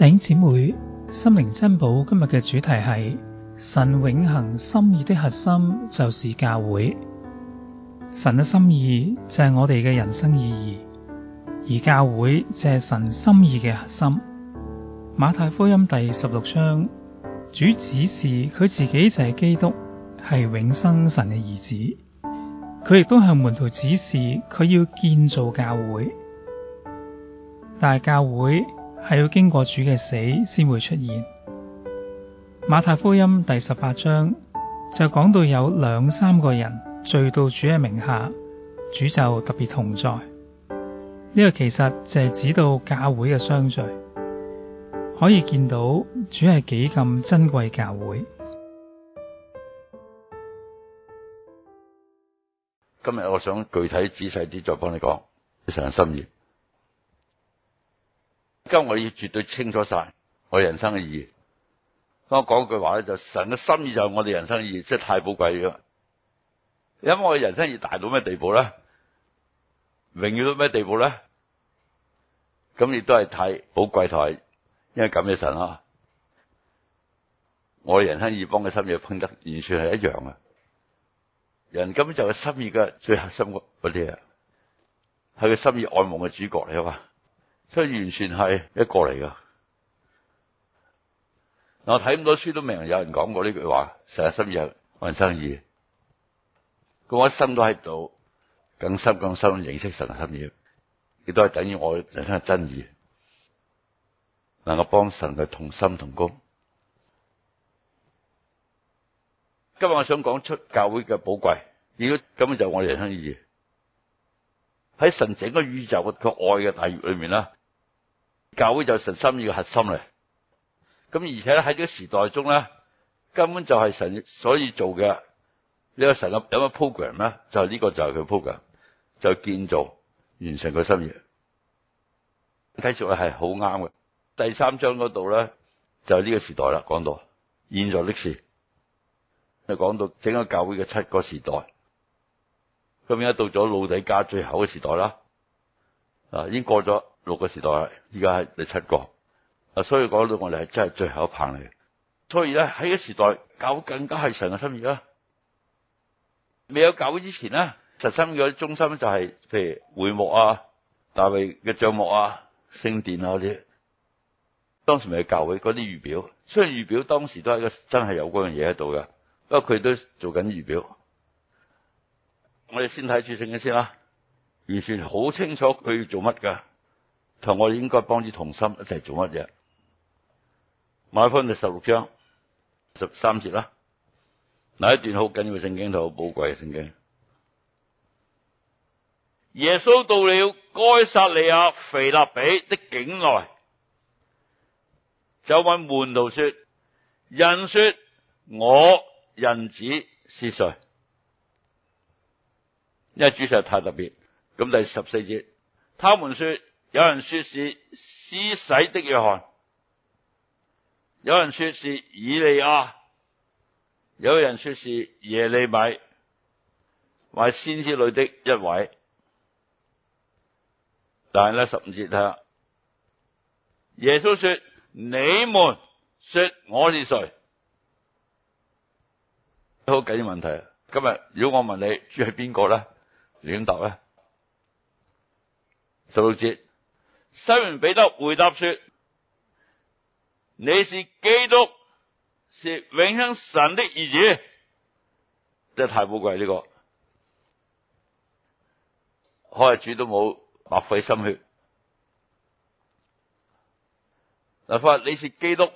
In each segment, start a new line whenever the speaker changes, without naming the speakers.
弟兄姊妹心靈珍寶，今日嘅主題係神永恆心意的核心就是教會。神嘅心意就係我哋嘅人生意義，而教會就係神心意嘅核心。馬太福音第十六章，主指示佢自己就係基督，係永生神嘅兒子，佢亦都向門徒指示佢要建造教會，但係教會，係要經過主嘅死先會出現。馬太福音第十八章就講到有兩三個人聚到主嘅名下，主就特別同在。呢個其實就係指到教會嘅相聚，可以見到主係幾咁珍貴教會。今日我想具體仔細啲再幫你講，非常心意。今日我要絕對清楚晒我人生嘅意義。當我講句話咧，就神嘅心意就係我哋人生嘅意義，即係太寶貴咗。因為我嘅人生意大到咩地步咧，永遠到咩地步咧，咁亦都係太寶貴台，因為咁嘅神啊，我嘅人生意幫佢心意拼得完全係一樣啊！人根本就係心意嘅最核心嗰啲啊，係佢心意愛慕嘅主角嚟啊嘛。所以完全係一個嚟噶。我睇咁多書都未有人講過呢句話，神嘅心意係人生意，咁我個心都喺度，更深更深認識神嘅心意，亦都係等於我人生嘅真意，能夠幫神嘅同心同工。今日我想講出教會嘅寶貴，呢咁就是我哋人生意義。喺神整個宇宙嘅愛嘅大月裏面啦。教會就神心意嘅核心嚟，咁而且喺呢個時代中咧，根本就係神所以做嘅。呢、這個神嘅有個 program 咧？就呢個就係佢 program，就建造完成個心意。繼續係好啱嘅。第三章嗰度咧就呢個時代啦，講到現在的事，就講到整個教會嘅七個時代。咁而家到咗老底嘉最後嘅時代啦，啊，已經過咗。六個時代，依家係你七個，啊，所以講到我哋係真係最後一棒嚟。所以咧喺個時代，教會更加係神嘅心意啦。未有教會之前咧，神嘅中心就係、是、譬如會幕啊、大衛嘅帳幕啊、聖殿啊啲。當時未有教會嗰啲預表，雖然預表當時都係個真係有嗰樣嘢喺度嘅，不過佢都做緊預表。我哋先睇住聖嘅先啦，完全好清楚佢要做乜噶。同我哋應該幫啲同心一齊做乜嘢？馬太福音第十六章十三節啦，嗱一段好緊要嘅聖經，好寶貴嘅聖經。耶穌到了該撒利亞腓立比的境內，就問門徒說：人說我人子是誰？因為主實在太特別。咁第十四節，他們說。有人說是施洗的約翰，有人說是以利亞，有人說是耶利米，或先知裡的一位。但係咧，十五節睇下，耶穌說：你們說我是誰？都好緊要問題啊！今日如果我問你主係邊個咧，領導咧，十六節。西門彼得回答說：你是基督，是永生神的兒子。真係太寶貴呢個，開主都冇白費心血。嗱，話你是基督，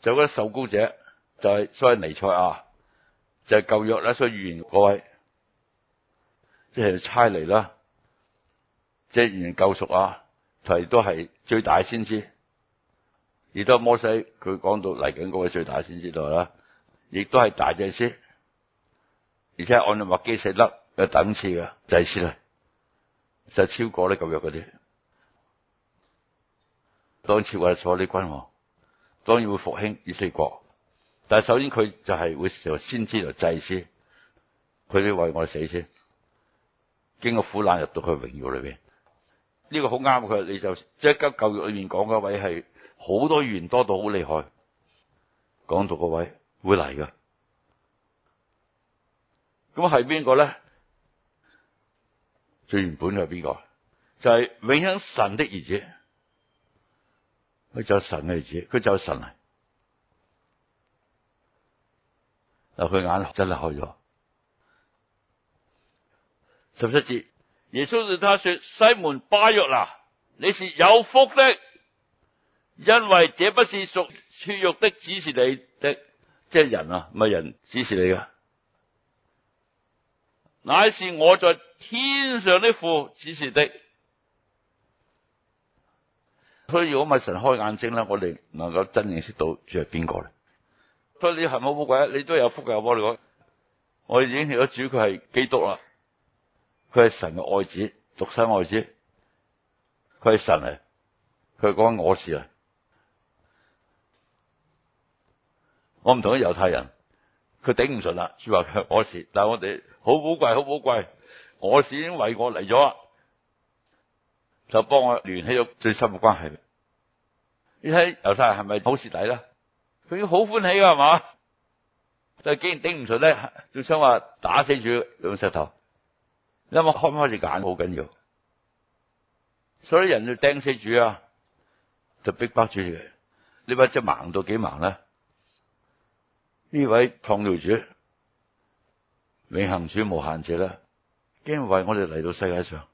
就嗰啲受膏者，就係、是、所謂彌賽亞，就係舊約啦，所以預言各位，即、就、係、是、差嚟啦，即係預言救贖啊。係都係最大先知，而家摩西佢講到嚟緊嗰位最大先知道啦，亦都係大祭司，而且按麥基洗德嘅等次嘅祭司啦，就是，超過咧舊約嗰啲，當然超過咗啲君王，當然會復興以色列，但係首先佢就係會先知道祭司，佢哋為我哋死先，經過苦難入到佢榮耀裏邊。呢個好啱佢，你就即係教教育裏面講嗰位係好多語言多到好厲害，講到嗰位置會嚟噶。咁啊係邊個咧？最原本嘅係邊個？就係、是、永生神的兒子，佢就神嘅兒子，佢就神嚟。嗱，佢眼真係開咗。十七節。耶穌對他說：西門巴約拿，你是有福的，因為這不是屬血肉的，指示你的，即係人啊，唔係人，指示你嘅，乃是我在天上的父，指示的。所以如果咪神開眼睛咧，我哋能夠真認識到主係邊個咧？所以你係咪好鬼？你都有福嘅，我同你講，我已經認咗主，佢係基督啦。佢係神嘅愛子，獨生愛子。佢係神嚟，佢講緊我事啊！我唔同啲猶太人，佢頂唔順啦，說話佢係我事。但係我哋好寶貴，好寶貴，我事已經為我嚟咗，就幫我聯起咗最深嘅關係。你睇猶太人係咪好蝕底咧？佢已經好歡喜啊係嘛，但係竟然頂唔順咧，就想話打死主用石頭。看看你話開唔開始揀好緊要，所以人類釘死主啊，就逼迫主嘅。你話即係盲到幾盲咧？呢位創造主、永恒主、無限者咧，竟為我哋嚟到世界上，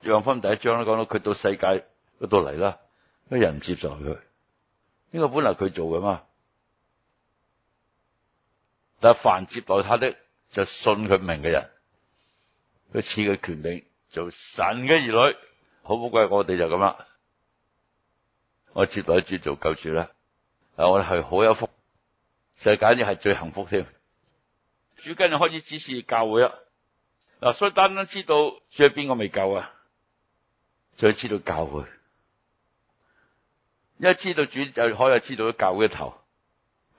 約翰第一章都講到佢到世界嗰度嚟啦，咩人唔接受佢？呢個本來佢做噶嘛，但凡接待他的，就信佢名嘅人。一次嘅權柄，做神嘅兒女，好寶貴。我哋就咁啦，我接住主做救主啦。嗱，我哋係好有福，世界簡直係最幸福添。主跟住開始指示教會啦，嗱，所以單單知道主係邊個未夠啊，仲要知道教會。一知道主就可以知道教會嘅頭，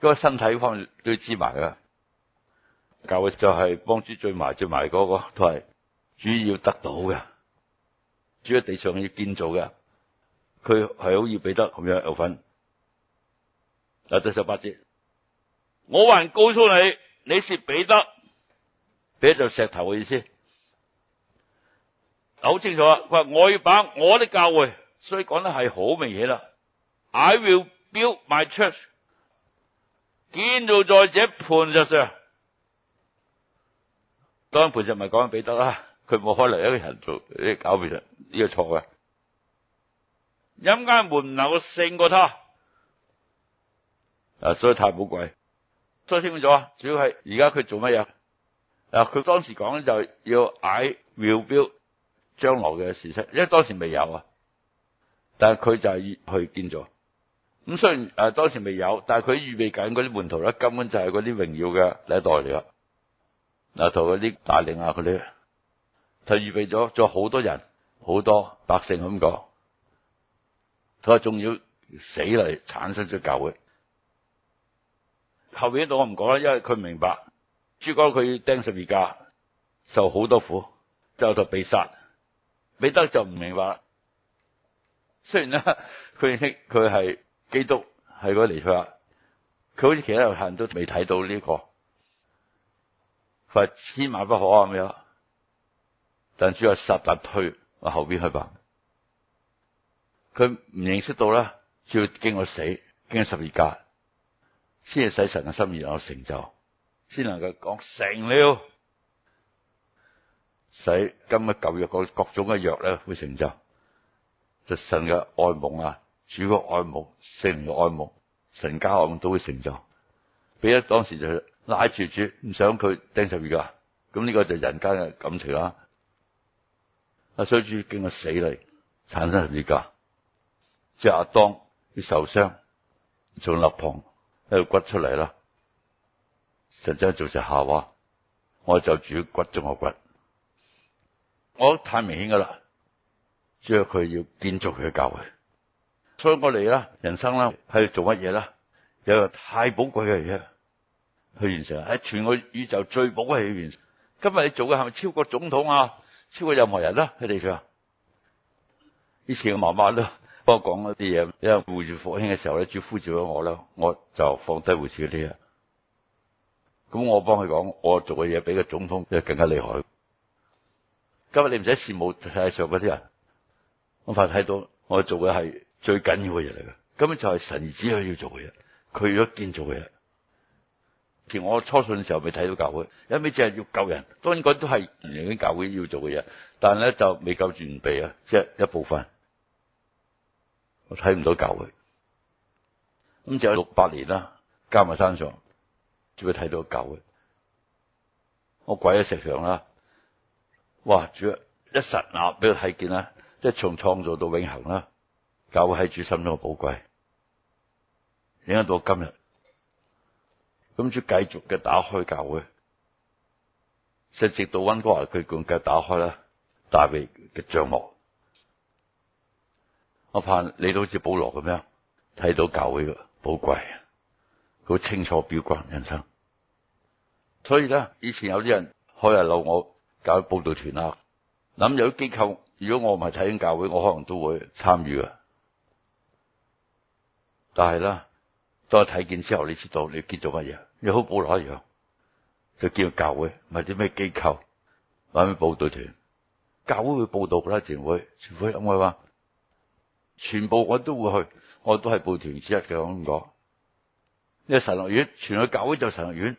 嗰個身體方面都要知埋噶。教會就係幫主聚埋、聚埋嗰個，都係。主要得到嘅，主要地上要建造嘅，佢係好似彼得咁樣有份。第十八節，我還告訴你，你是彼得，彼得就石頭嘅意思。好清楚啊，佢話我要把我的教會，所以講得係好明顯啦。I will build my church，建造在這磐石上，啊。當然磐石唔係講緊彼得啦。佢冇可能一個人做個搞嘢，人呢個錯嘅。陰間門唔能夠勝過他，啊， 所以太寶貴，所以清楚。主要係而家佢做乜嘢？嗱，佢當時講就係要嗌妙標將來嘅事實，因為當時未有啊。但係佢就係去建咗。咁雖然誒當時未有，但係佢預備緊嗰啲門徒咧，根本就係嗰啲榮耀嘅下一代嚟啦。嗱，同嗰啲帶領啊，嗰啲。就預備咗，咗好多人，好多百姓咁講。佢話仲要死嚟產生咗教會。後邊一段我唔講啦，因為佢明白，主講佢釘十字架，受好多苦，最後就被殺。彼得就唔明白啦。雖然咧，佢認識佢係基督係嗰個嚟，佢好似其他人都未睇到呢個，佢話千萬不可咁樣。但主話，撒但退我後邊去吧。佢唔認識到咧，主要經過死，經過十字架先至使神嘅心意能夠成就，先能夠講成了，使今日舊約各各種嘅約咧會成就，就是、神嘅愛慕啊，主嘅愛慕，聖人嘅愛慕，神家愛慕都會成就。彼得當時就拉住主，唔想佢釘十字架，咁呢個就是人間嘅感情啦。阿衰主經過死嚟產生十字架，即係阿當要受傷，從肋旁一度骨出嚟啦，神將做隻夏娃，我就住骨中個骨，我覺得太明顯噶啦，即係佢要建造佢嘅教會，所以我嚟啦，人生啦，喺度做乜嘢啦？有一個太寶貴嘅嘢去完成，喺全個宇宙最寶貴嘅完成。今日你做嘅係咪超過總統啊？超過任何人啦、啊，佢哋就以前媽媽幫我媽媽都幫我講嗰啲嘢，因為護住復興嘅時候咧，主呼召咗我啦，我就放低護士嗰啲啊。咁我幫佢講，我做嘅嘢比個總統就更加厲害。今日你唔使羨慕台上嗰啲人，我發睇到我做嘅係最緊要嘅嘢嚟嘅，根本就係神子佢要做嘅嘢，佢如果見做嘅嘢。以前我初信嘅時候未睇到教會，一味只係要救人，當然講都係原嚟啲教會要做嘅嘢，但係咧就未夠完備啊，即係一部分，我睇唔到教會。咁就六八年啦，加埋山上，只會睇到教會。我跪喺石上啦，哇！主一實啊，俾佢睇見啦，即係從創造到永恒啦，教會喺主心中嘅寶貴，影響到今日。咁就繼續嘅打開教會，直到溫哥華佢管嘅打開啦，大衛嘅帳幕。我怕你都好似保羅咁樣睇到教會嘅寶貴，好清楚標杆人生。所以咧，以前有啲人開日漏我搞佈道團啦，諗有啲機構，如果我唔係睇緊教會，我可能都會參與啊。但係啦當我睇見之後，你知道你見做乜嘢？你好保羅一樣，就見到教會，唔係啲咩機構，揾咩報道團，教會報道啦，團會，全會咁冇啊？全部我都會去，我都係報團之一嘅。我咁講，你神學院，全去教會就神學院；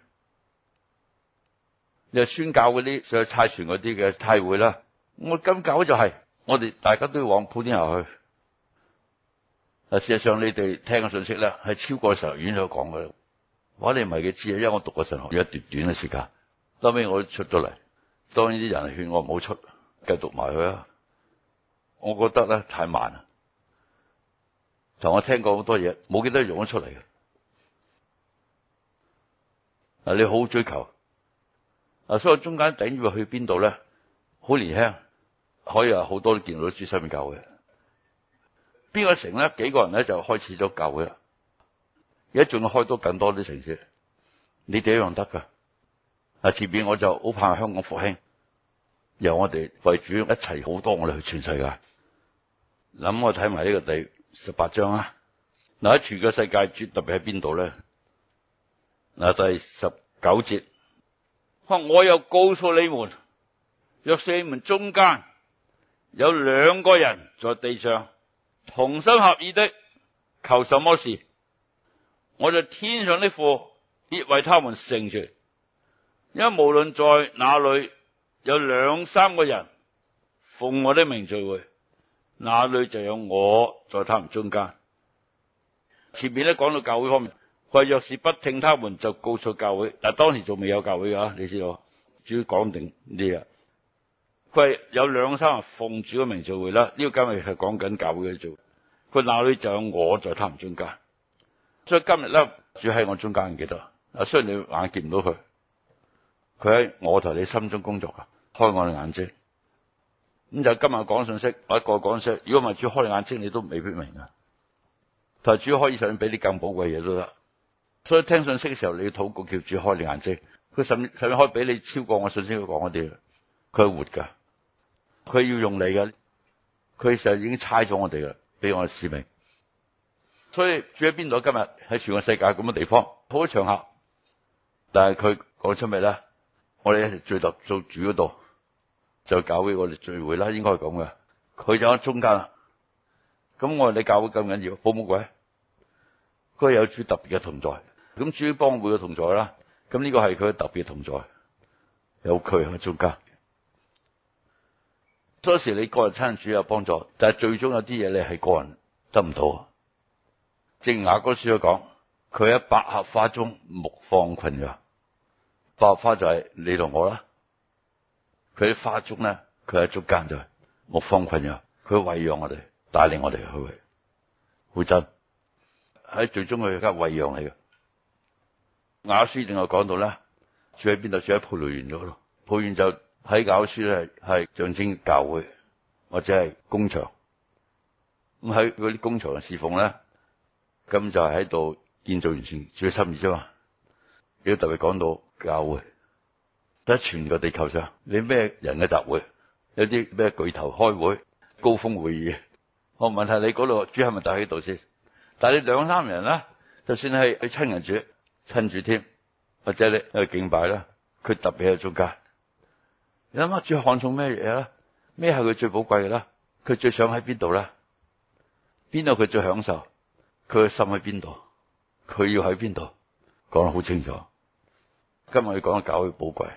你係宣教嗰啲，所有差傳嗰啲嘅，差會啦。我今教會就係、是，我哋大家都要往普天下去。啊，事實上你哋聽嘅信息咧，係超過神學院所講嘅。話你唔係幾知，因為我讀過神學有一段短嘅時間。後尾我出咗嚟，當然啲人勸我唔好出，繼續埋去啊。我覺得咧太慢啊。同我聽過好多嘢，冇記得，用得出嚟嘅。你好好追求。所以我中間頂住去邊度咧？好年輕，可以話好多都見到啲書上面教嘅。邊個城咧？幾個人咧就開始咗舊嘅。而家仲要開多更多啲城市，你哋一樣得噶？啊，前面我就好怕香港復興，由我哋為主，一齊好多我哋去全世界。諗，我睇埋呢個第十八章啊。嗱，全個世界絕特別，特別喺邊度咧？嗱，第十九節，我又告訴你們，若是你們中間有兩個人在地上。同心合意的求什麼事，我就天上的父，必為他們成全。因為無論在哪裡有兩三個人奉我的名聚會，那裡就有我在他們中間。前面咧講到教會方面，佢若是不聽他們，就告訴教會。但當時仲未有教會啊，你知道我主要講定呢啊。佢係有兩三日奉主嘅名聚會啦，呢個今日係講緊教會嘅做。佢哪裏就有我在他唔中間？所以今日咧，主喺我中間，記得啊？啊，雖然你眼見唔到佢，佢喺我同你心中工作啊，開我嘅眼睛。咁就今日講信息，我一個講信息。如果唔係主開你眼睛，你都未必明啊。但係主要可以想俾你更寶貴嘢都得。所以聽信息嘅時候，你要禱告叫主開你眼睛。佢甚甚至可以俾你超過我信息佢講嗰啲，佢係活噶。佢要用你嘅，佢就已經差咗我哋嘅，俾我哋使命。所以住喺邊度？今日喺全個世界咁嘅地方，好多場合，但係佢講出嚟咧，我哋一齊聚集做主嗰度，就搞俾我哋聚會啦。應該係咁嘅。佢就喺中間啦。咁我哋教會咁緊要，做乜鬼？佢有最特別嘅同在。咁至於幫會嘅同在啦，咁呢個係佢嘅特別同在，有佢喺中間。好多時你個人親主有幫助，但係最終有啲嘢你係個人得唔到。正如雅歌書所講，佢喺百合花中牧放群羊，百合花就係你同我啦。佢喺花中咧，佢喺中間就牧放群羊，佢餵養我哋，帶領我哋去。好真喺最終佢而家餵養你嘅雅書另外講到咧，住喺邊度？住喺葡萄園度咯，葡萄園就。喺搞書係係象徵教會或者係工場，咁喺嗰啲工場侍奉咧，咁就喺度建造完全主心意啫嘛。要特別講到教會得全個地球上，你咩人嘅集會？有啲咩巨頭開會、高峰會議，我問題你嗰度主係咪帶喺度先？但係兩三人咧，就算喺喺親人主親住添，或者你喺度敬拜咧，佢特別係中間。你諗下最看重咩嘢啦？咩係佢最寶貴嘅啦？佢最想喺邊度咧？邊度佢最享受？佢嘅心喺邊度？佢要喺邊度？講得好清楚。今日要講嘅教會寶貴。